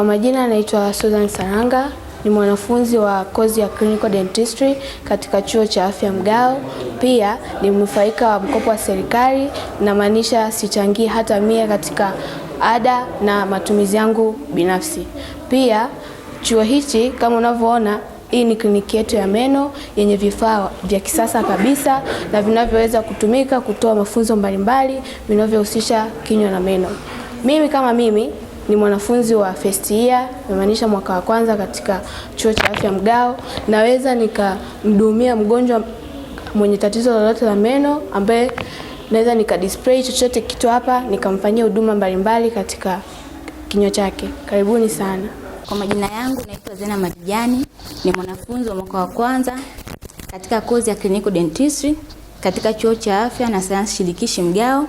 Kwa majina anaitwa Susan Saranga, ni mwanafunzi wa kozi ya Clinical Dentistry katika chuo cha afya Mgao. Pia ni mnufaika wa mkopo wa serikali, namaanisha sichangii hata mia katika ada na matumizi yangu binafsi. Pia chuo hichi kama unavyoona, hii ni kliniki yetu ya meno yenye vifaa vya kisasa kabisa na vinavyoweza kutumika kutoa mafunzo mbalimbali vinavyohusisha kinywa na meno. Mimi kama mimi ni mwanafunzi wa first year, namaanisha mwaka wa kwanza katika chuo cha afya Mgao. Naweza nikamdumia mgonjwa mwenye tatizo lolote la meno ambaye naweza nika display chochote kitu hapa nikamfanyia huduma mbalimbali katika kinywa chake. Karibuni sana. Kwa majina yangu naitwa Zena Majani, ni mwanafunzi wa mwaka wa kwanza katika kozi ya clinical dentistry katika chuo cha afya na sayansi shirikishi Mgao.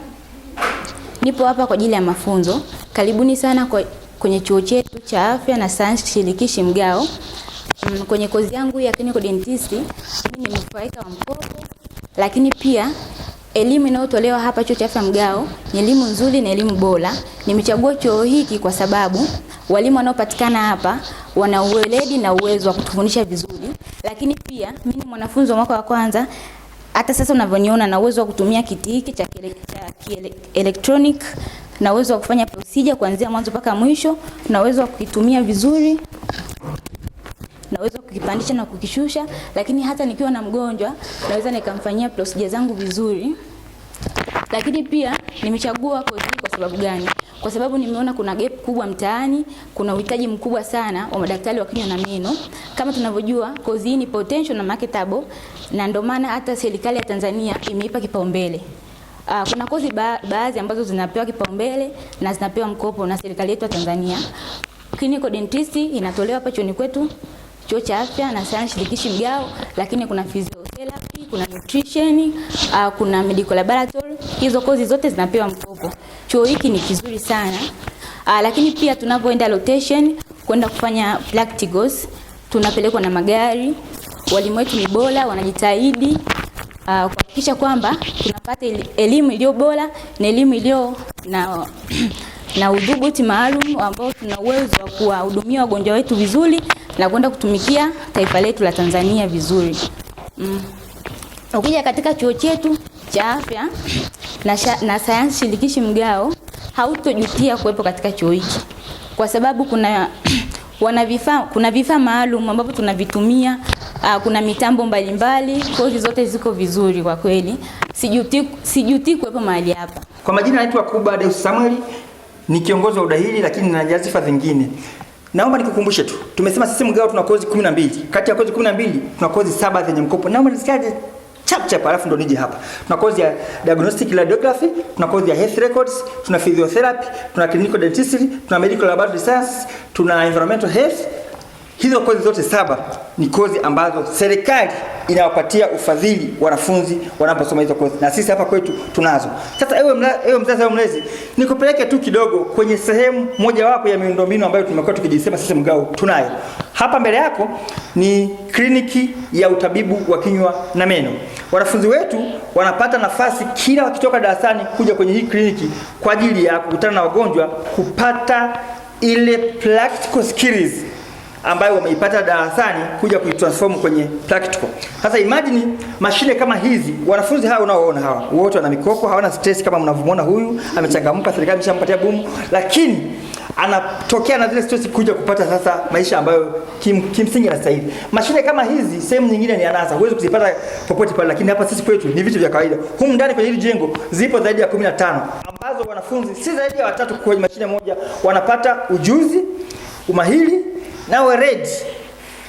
Nipo hapa kwa ajili ya mafunzo. Karibuni sana kwa, kwenye chuo chetu cha afya na sayansi shirikishi Mgao. Mm, kwenye kozi yangu ya clinical dentist mimi ni mnufaika wa mkopo, lakini pia elimu inayotolewa hapa chuo cha afya Mgao ni elimu nzuri na elimu bora. Nimechagua chuo hiki kwa sababu walimu wanaopatikana hapa wana uweledi na uwezo wa kutufundisha vizuri, lakini pia mimi ni mwanafunzi wa mwaka wa kwanza hata sasa unavyoniona na uwezo wa kutumia kiti hiki cha kielektroniki na uwezo wa kufanya procedure kuanzia mwanzo mpaka mwisho, na uwezo wa kukitumia vizuri, na uwezo wa kukipandisha na kukishusha. Lakini hata nikiwa na mgonjwa naweza nikamfanyia procedure zangu vizuri. Lakini pia nimechagua kozi kwa sababu gani? kwa sababu nimeona kuna gap kubwa mtaani, kuna uhitaji mkubwa sana wa madaktari wa kinywa na meno. Kama tunavyojua kozi hii ni potential na marketable, na ndio maana hata serikali ya Tanzania imeipa kipaumbele. Uh, kuna kozi ba baadhi ambazo zinapewa kipaumbele na zinapewa mkopo na serikali yetu ya Tanzania. Clinical dentist inatolewa hapa chuoni kwetu chuo cha afya na sayansi shirikishi mgao, lakini kuna physiotherapy, kuna nutrition, uh, kuna medical laboratory. Hizo kozi zote zinapewa mkopo. Chuo hiki ni kizuri sana uh, lakini pia tunapoenda rotation kwenda kufanya practicals tunapelekwa na magari. Walimu wetu ni bora, wanajitahidi ah, kuhakikisha kwamba tunapata elimu iliyo bora na elimu iliyo na na udhubuti maalum ambao tuna uwezo wa kuwahudumia wagonjwa wetu vizuri na kwenda kutumikia taifa letu la Tanzania vizuri. Mm. Ukija katika chuo chetu cha afya na, na sayansi shirikishi mgao hautojutia kuwepo katika chuo hiki kwa sababu kuna wana vifaa kuna vifaa maalum ambavyo tunavitumia. Aa, ah, kuna mitambo mbalimbali kozi zote ziko vizuri kwa kweli, sijuti sijuti kuwepo mahali hapa. Kwa majina naitwa Kuba Deus Samuel, ni kiongozi wa udahili lakini na nyadhifa zingine. Naomba nikukumbushe tu, tumesema sisi mgao tuna kozi 12, kati ya kozi 12 tuna kozi saba zenye mkopo. Naomba nisikaje chap chap, alafu ndo nije hapa. Tuna kozi ya diagnostic radiography, tuna kozi ya health records, tuna physiotherapy, tuna clinical dentistry, tuna medical laboratory science, tuna environmental health. Hizo kozi zote saba ni kozi ambazo serikali inawapatia ufadhili wanafunzi wanaposoma hizo kozi, na sisi hapa kwetu tunazo. Sasa ewe, mla, ewe mzazi au mlezi, nikupeleke tu kidogo kwenye sehemu mojawapo ya miundombinu ambayo tumekuwa tukijisema sisi mgao tunayo. Hapa mbele yako ni kliniki ya utabibu wa kinywa na meno. Wanafunzi wetu wanapata nafasi kila wakitoka darasani kuja kwenye hii kliniki kwa ajili ya kukutana na wagonjwa, kupata ile practical skills ambayo wameipata darasani kuja kuitransform kwenye practical. Sasa imagine mashine kama hizi, wanafunzi hawa unaoona hawa wote wana mikopo, hawana stress kama mnavyomwona huyu amechangamka, serikali imeshampatia bumu, lakini anatokea na zile stress kuja kupata sasa maisha ambayo kim, kimsingi anastahili. Mashine kama hizi sehemu nyingine ni anasa, huwezi kuzipata popote pale, lakini hapa sisi kwetu ni vitu vya kawaida. Humu ndani kwenye hili jengo zipo zaidi ya 15 ambazo wanafunzi si zaidi ya watatu kwenye mashine moja wanapata ujuzi, umahiri na weledi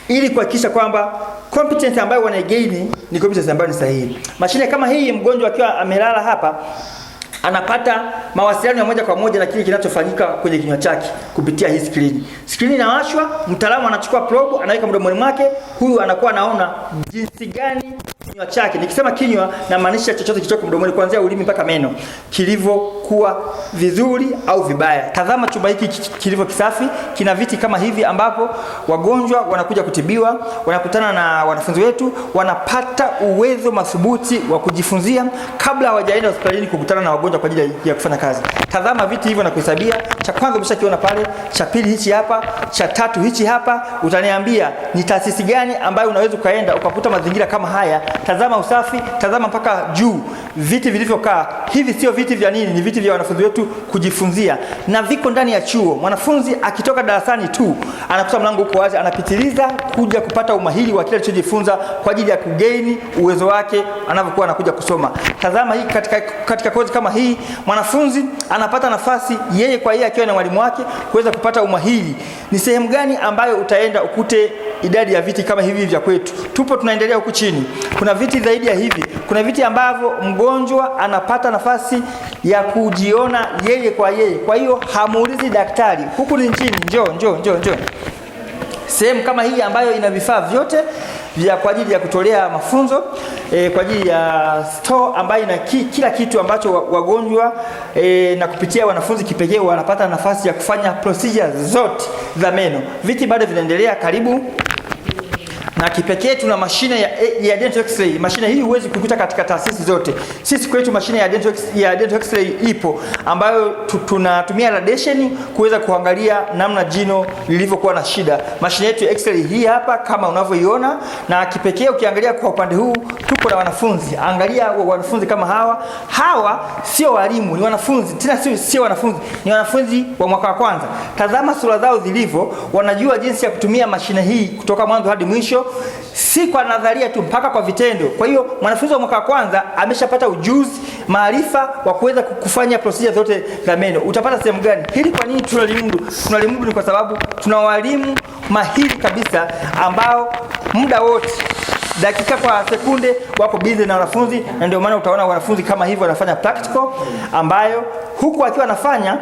ili kuhakikisha kwamba competence ambayo wanaigaini ni competence ambayo ni sahihi. Mashine kama hii, mgonjwa akiwa amelala hapa anapata mawasiliano ya moja kwa moja na kile kinachofanyika kwenye kinywa chake kupitia hii skrini. Skrini inawashwa, mtaalamu anachukua probe, anaweka mdomoni mwake, huyu anakuwa anaona jinsi gani kinywa chake, nikisema kinywa namaanisha chochote kilichoko mdomoni kuanzia ulimi mpaka meno kilivyo kuwa vizuri au vibaya. Tazama chumba hiki kilivyo kisafi, kina viti kama hivi ambapo wagonjwa wanakuja kutibiwa, wanakutana na wanafunzi wetu, wanapata uwezo madhubuti wa kujifunzia kabla hawajaenda hospitalini kukutana na wagonjwa kwa ajili ya kufanya kazi. Tazama viti hivyo na kuhesabia, cha kwanza umeshakiona pale, cha pili hichi hapa, cha tatu hichi hapa. Utaniambia ni taasisi gani ambayo unaweza ukaenda ukakuta mazingira kama haya? Tazama usafi, tazama mpaka juu viti vilivyokaa hivi sio viti vya nini, ni viti vya wanafunzi wetu kujifunzia, na viko ndani ya chuo. Mwanafunzi akitoka darasani tu anakuta mlango uko wazi, anapitiliza kuja kupata umahiri wa kile alichojifunza kwa ajili ya kugeini uwezo wake anavyokuwa anakuja kusoma. Tazama hii katika, katika kozi kama hii, mwanafunzi anapata nafasi yeye kwa yeye akiwa na mwalimu wake kuweza kupata umahiri. Ni sehemu gani ambayo utaenda ukute idadi ya viti kama hivi vya kwetu. Tupo tunaendelea huku chini, kuna viti zaidi ya hivi, kuna viti ambavyo mgonjwa anapata nafasi ya kujiona yeye kwa yeye. Kwa hiyo hamuulizi daktari, huku ni nchini, njoo njoo njoo njoo sehemu kama hii ambayo ina vifaa vyote vya kwa ajili ya kutolea mafunzo e, kwa ajili ya store ambayo ina ki, kila kitu ambacho wagonjwa e, na kupitia wanafunzi kipekee wanapata nafasi ya kufanya procedure zote za meno. Viti bado vinaendelea, karibu na kipekee tuna mashine ya, ya dental x-ray. Mashine hii huwezi kukuta katika taasisi zote. Sisi kwetu mashine ya dental, ya dental x-ray ipo ambayo tunatumia radiation kuweza kuangalia namna jino lilivyokuwa na shida. Mashine yetu ya x-ray hii hapa kama unavyoiona, na kipekee ukiangalia kwa upande huu tuko na wanafunzi. Angalia wanafunzi kama hawa, hawa sio walimu, ni wanafunzi tena, sio sio wanafunzi, ni wanafunzi wa mwaka wa kwanza. Tazama sura zao zilivyo, wanajua jinsi ya kutumia mashine hii kutoka mwanzo hadi mwisho si kwa nadharia tu, mpaka kwa vitendo. Kwa hiyo mwanafunzi wa mwaka wa kwanza ameshapata ujuzi, maarifa wa kuweza kufanya procedure zote za meno. Utapata sehemu gani hili? Kwa nini tunalimudu? Tunalimudu ni kwa sababu tuna walimu mahiri kabisa ambao muda wote dakika kwa sekunde wako busy na wanafunzi, na ndio maana utaona wanafunzi kama hivyo wanafanya practical, ambayo huku akiwa anafanya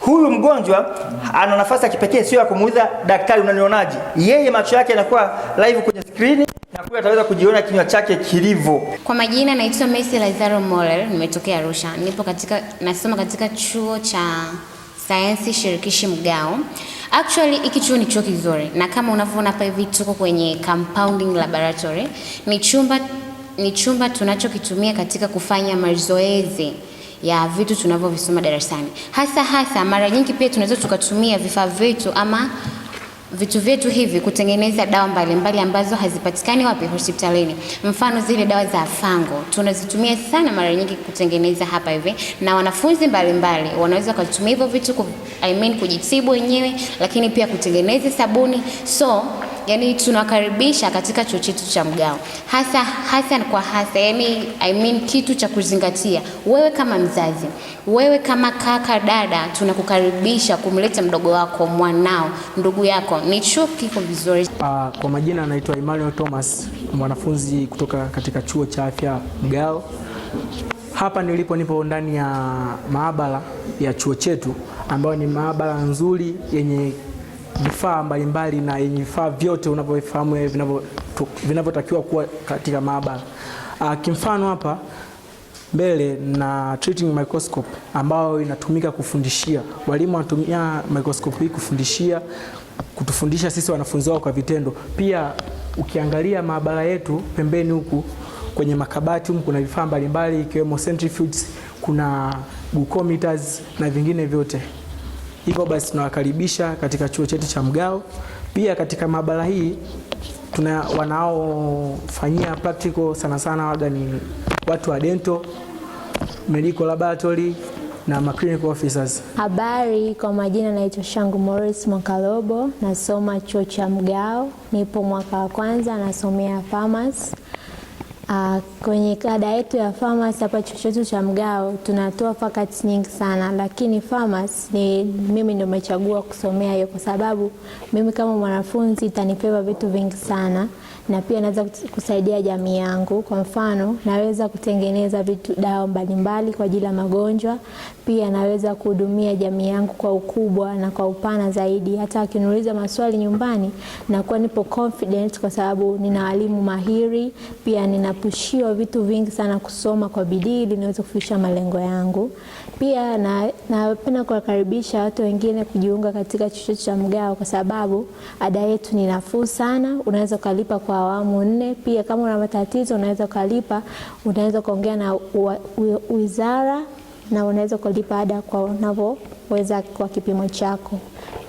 huyu mgonjwa ana nafasi ya kipekee, sio ya kumuuliza daktari unanionaje. Yeye macho yake yanakuwa live kwenye skrini na kule ataweza kujiona kinywa chake kilivyo. Kwa majina, naitwa Messi Lazaro Morel, nimetokea Arusha, nipo katika nasoma katika chuo cha sayansi shirikishi Mgao. Actually hiki chuo ni chuo kizuri, na kama unavyoona hapa hivi tuko kwenye compounding laboratory. Ni chumba ni chumba tunachokitumia katika kufanya mazoezi ya vitu tunavyovisoma darasani. Hasa hasa mara nyingi pia tunaweza tukatumia vifaa vyetu ama vitu vyetu hivi kutengeneza dawa mbalimbali mbali ambazo hazipatikani wapi hospitalini. Mfano zile dawa za fango tunazitumia sana mara nyingi kutengeneza hapa hivi, na wanafunzi mbalimbali wanaweza kutumia hivyo vitu ku, I mean, kujitibu wenyewe, lakini pia kutengeneza sabuni so yani tunakaribisha katika chuo chetu cha mgao, hasa hasa kwa hasa yani, I mean, kitu cha kuzingatia wewe kama mzazi, wewe kama kaka, dada, tunakukaribisha kumleta mdogo wako, mwanao, ndugu yako, ni chuo kiko vizuri. Uh, kwa majina anaitwa Emmanuel Thomas, mwanafunzi kutoka katika chuo cha afya Mgao. Hapa nilipo nipo ndani ya maabara ya chuo chetu ambayo ni maabara nzuri yenye vifaa mbalimbali na yenye vifaa vyote unavyofahamu eh, vinavyotakiwa kuwa katika maabara. Ah, kimfano hapa mbele na treating microscope ambayo inatumika kufundishia. Walimu wanatumia microscope hii kufundishia, kutufundisha sisi wanafunzi wao kwa vitendo. Pia ukiangalia maabara yetu pembeni huku kwenye makabati huku kuna vifaa mbalimbali ikiwemo centrifuges, kuna glucometers na vingine vyote. Hivyo basi tunawakaribisha katika chuo chetu cha Mgao. Pia katika maabara hii tuna wanaofanyia practical sana sana waga ni watu wa dental, medical laboratory na clinical officers. Habari, kwa majina naitwa Shangu Morris Mwakalobo, nasoma chuo cha Mgao, nipo mwaka wa kwanza, nasomea pharmacy. Uh, kwenye kada yetu ya Farmers hapa chuo chetu cha Mgao tunatoa fakati nyingi sana, lakini Farmers ni mimi ndio nimechagua kusomea hiyo kwa sababu mimi kama mwanafunzi itanipewa vitu vingi sana na pia naweza kusaidia jamii yangu. Kwa mfano, naweza kutengeneza vitu dawa mbalimbali kwa ajili ya magonjwa. Pia naweza kuhudumia jamii yangu kwa ukubwa na kwa upana zaidi. Hata akiniuliza maswali nyumbani, nakuwa nipo confident kwa sababu nina walimu mahiri, pia ninapushiwa vitu vingi sana kusoma kwa bidii ili niweze kufikisha malengo yangu. Pia napenda na kuwakaribisha watu wengine kujiunga katika chuo cha Mgao kwa sababu ada yetu ni nafuu sana, unaweza ukalipa kwa awamu nne. Pia kama una matatizo unaweza ukalipa, unaweza ukaongea na wizara na unaweza kulipa ada kwa unavyoweza kwa kipimo chako.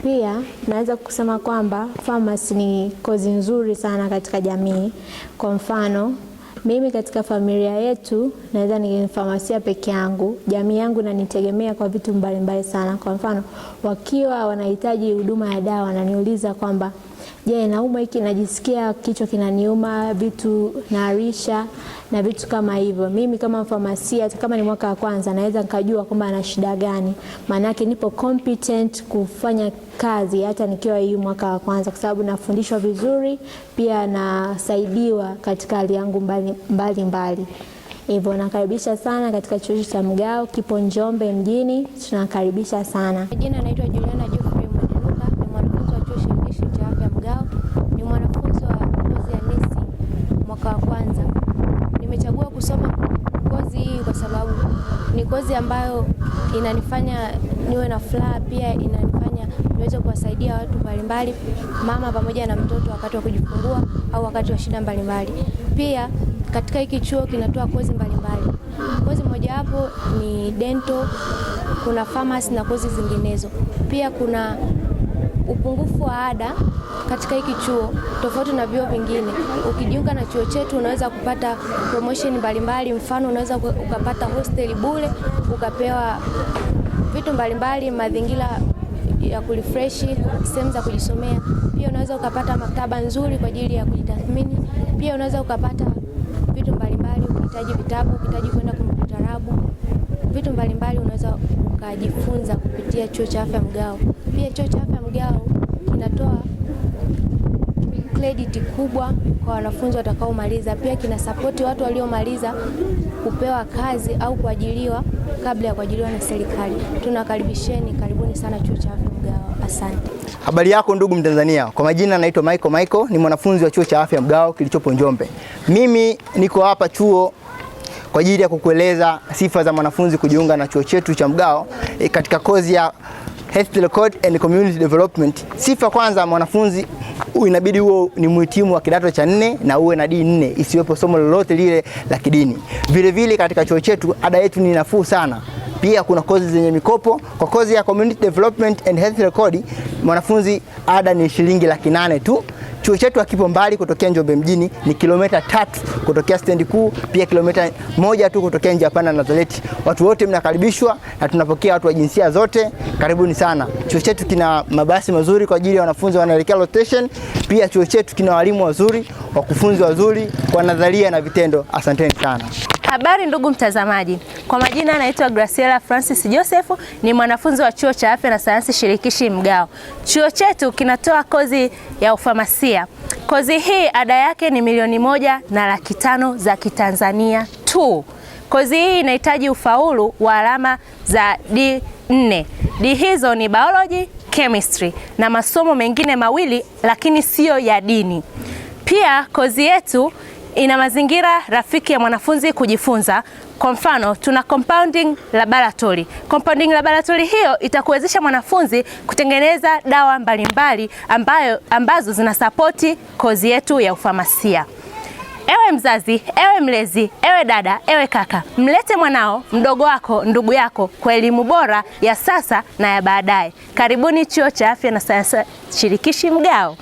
Pia naweza kusema kwamba pharmacy ni kozi nzuri sana katika jamii. Kwa mfano mimi katika familia yetu naweza nifamasia peke yangu. Jamii yangu nanitegemea kwa vitu mbalimbali mbali sana. Kwa mfano, wakiwa wanahitaji huduma ya dawa wananiuliza kwamba Je, naumwa hiki, najisikia kichwa kinaniuma, vitu naarisha na vitu kama hivyo. Mimi kama mfamasia, hata kama ni mwaka wa kwanza, naweza nikajua kwamba ana shida gani, maanake nipo competent kufanya kazi hata nikiwa hii mwaka wa kwanza, kwa sababu nafundishwa vizuri, pia nasaidiwa katika hali yangu mbalimbali mbali. Hivyo nakaribisha sana katika chuo cha Mgao, kipo Njombe mjini, tunakaribisha sana. Jina naitwa Juliana kazi ambayo inanifanya niwe na furaha, pia inanifanya niweze kuwasaidia watu mbalimbali, mama pamoja na mtoto wakati wa kujifungua au wakati wa shida mbalimbali. Pia katika hiki chuo kinatoa kozi mbalimbali. Kozi mojawapo ni dental, kuna pharmacy na kozi zinginezo. Pia kuna upungufu wa ada katika hiki chuo, tofauti na vyuo vingine. Ukijiunga na chuo chetu unaweza kupata promotion mbalimbali, mfano unaweza ukapata hostel bure, ukapewa vitu mbalimbali, mazingira ya kurefreshi, sehemu za kujisomea. Pia unaweza ukapata maktaba nzuri kwa ajili ya kujitathmini. Pia unaweza ukapata vitu mbalimbali, ukihitaji vitabu, ukihitaji kwenda kumtarabu, vitu mbalimbali unaweza ukajifunza kupitia chuo cha afya mgao. Pia chuo cha afya mgao kinatoa credit kubwa kwa wanafunzi watakaomaliza. Pia kina support watu waliomaliza kupewa kazi au kuajiriwa kabla ya kuajiriwa na serikali. Tunakaribisheni, karibuni sana chuo cha afya Mgawo. Asante. Habari yako ndugu Mtanzania, kwa majina naitwa Michael Michael, ni mwanafunzi wa chuo cha afya Mgao kilichopo Njombe. Mimi niko hapa chuo kwa ajili ya kukueleza sifa za mwanafunzi kujiunga na chuo chetu cha Mgawo eh, katika kozi ya Health record and Community Development. Sifa kwanza, mwanafunzi huyu inabidi huo ni mhitimu wa kidato cha nne na uwe na dini nne, isiwepo somo lolote lile la kidini. Vilevile katika chuo chetu ada yetu ni nafuu sana. Pia kuna kozi zenye mikopo. Kwa kozi ya Community Development and Health Record mwanafunzi ada ni shilingi laki nane tu. Chuo chetu hakipo mbali kutokea Njombe mjini, ni kilomita tatu kutokea stendi kuu, pia kilomita moja tu kutokea njia panda Nazareti. Watu wote mnakaribishwa na tunapokea watu wa jinsia zote, karibuni sana. Chuo chetu kina mabasi mazuri kwa ajili ya wanafunzi wanaelekea rotation. Pia chuo chetu kina walimu wazuri, wakufunzi wazuri kwa nadharia na vitendo. Asanteni sana. Habari ndugu mtazamaji, kwa majina anaitwa Graciela Francis Joseph, ni mwanafunzi wa chuo cha afya na sayansi shirikishi Mgao. Chuo chetu kinatoa kozi ya ufamasia. Kozi hii ada yake ni milioni moja na laki tano za Kitanzania tu. Kozi hii inahitaji ufaulu wa alama za D 4 D hizo ni biology, chemistry na masomo mengine mawili, lakini siyo ya dini. Pia kozi yetu ina mazingira rafiki ya mwanafunzi kujifunza. Kwa mfano, tuna compounding laboratory. Compounding laboratory hiyo itakuwezesha mwanafunzi kutengeneza dawa mbalimbali ambayo, ambazo zinasapoti kozi yetu ya ufamasia. Ewe mzazi, ewe mlezi, ewe dada, ewe kaka, mlete mwanao, mdogo wako, ndugu yako kwa elimu bora ya sasa na ya baadaye. Karibuni Chuo cha Afya na Sayansi Shirikishi Mgao.